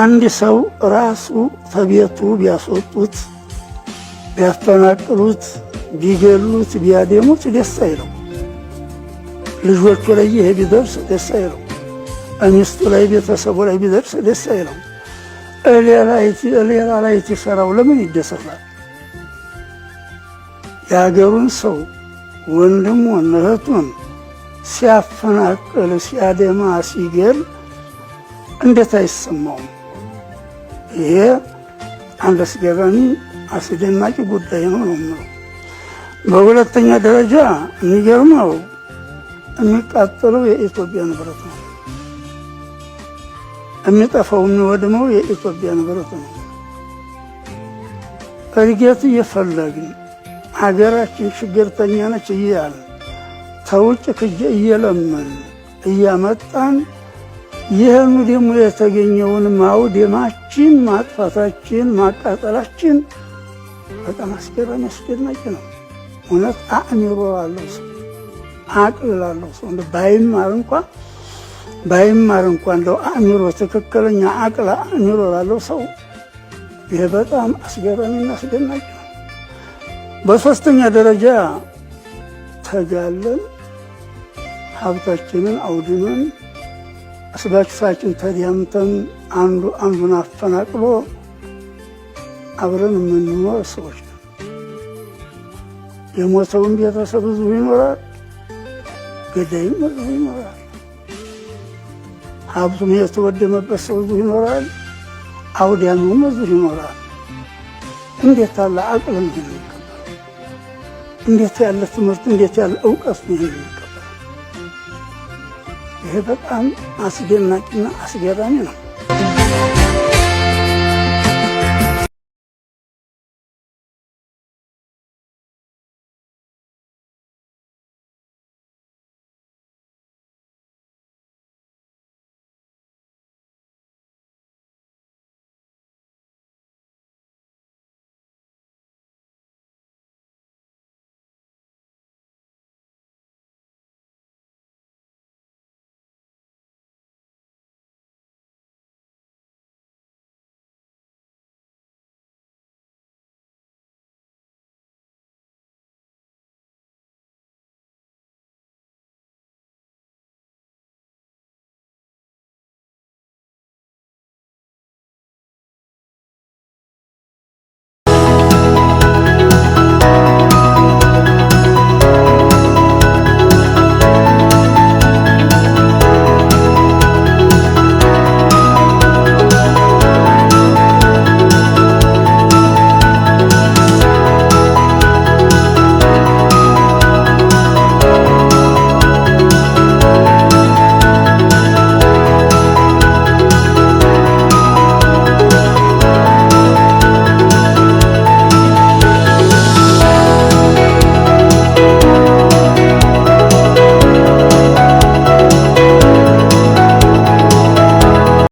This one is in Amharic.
አንድ ሰው ራሱ ከቤቱ ቢያስወጡት፣ ቢያፈናቅሉት፣ ቢገሉት፣ ቢያደሙት ደስ አይለው። ልጆቹ ላይ ይሄ ቢደርስ ደስ አይለው። እሚስቱ ላይ፣ ቤተሰቡ ላይ ቢደርስ ደስ አይለው። እሌላ ላይ ሰራው ለምን ይደሰታል? የአገሩን ሰው ወንድሙን እህቱን ሲያፈናቅል ሲያደማ ሲገል እንዴት አይሰማውም? ይሄ አንደስ ገበኑ አስደናቂ ጉዳይ ነው ነው የምለው። በሁለተኛ ደረጃ የሚገርመው የሚቃጠለው የኢትዮጵያ ንብረት ነው፣ የሚጠፋው የሚወድመው የኢትዮጵያ ንብረት ነው። እድገት እየፈለግን ሀገራችን ችግርተኛ ነች እያልን ተውጭ ክጅ እየለመን እያመጣን ይህኑ ደግሞ የተገኘውን ማውደማችን፣ ማጥፋታችን፣ ማቃጠላችን በጣም አስገራሚ አስደናቂ ነው። እውነት አእምሮ ላለው ሰው አቅል ላለው ሰው ባይማር እንኳ ባይማር እንኳ እንደው አእምሮ ትክክለኛ አቅል አእምሮ ላለው ሰው ይህ በጣም አስገራሚና አስደናቂ ነው። በሶስተኛ ደረጃ ተጋለን ሀብታችንን አውድመን እርስ በርሳችን ተዳምተን አንዱ አንዱን አፈናቅሎ አብረን የምንኖር ሰዎች ነው። የሞተውን ቤተሰብ ህዝቡ ይኖራል፣ ገዳይም ህዝቡ ይኖራል፣ ሀብቱም የተወደመበት ሰው ህዝቡ ይኖራል፣ አውዲያኑም ህዝቡ ይኖራል። እንዴት ያለ አቅል ነው የሚቀበለው? እንዴት ያለ ትምህርት፣ እንዴት ያለ እውቀት ነው የሚቀበለው? ይሄ በጣም አስደናቂና አስገራሚ ነው።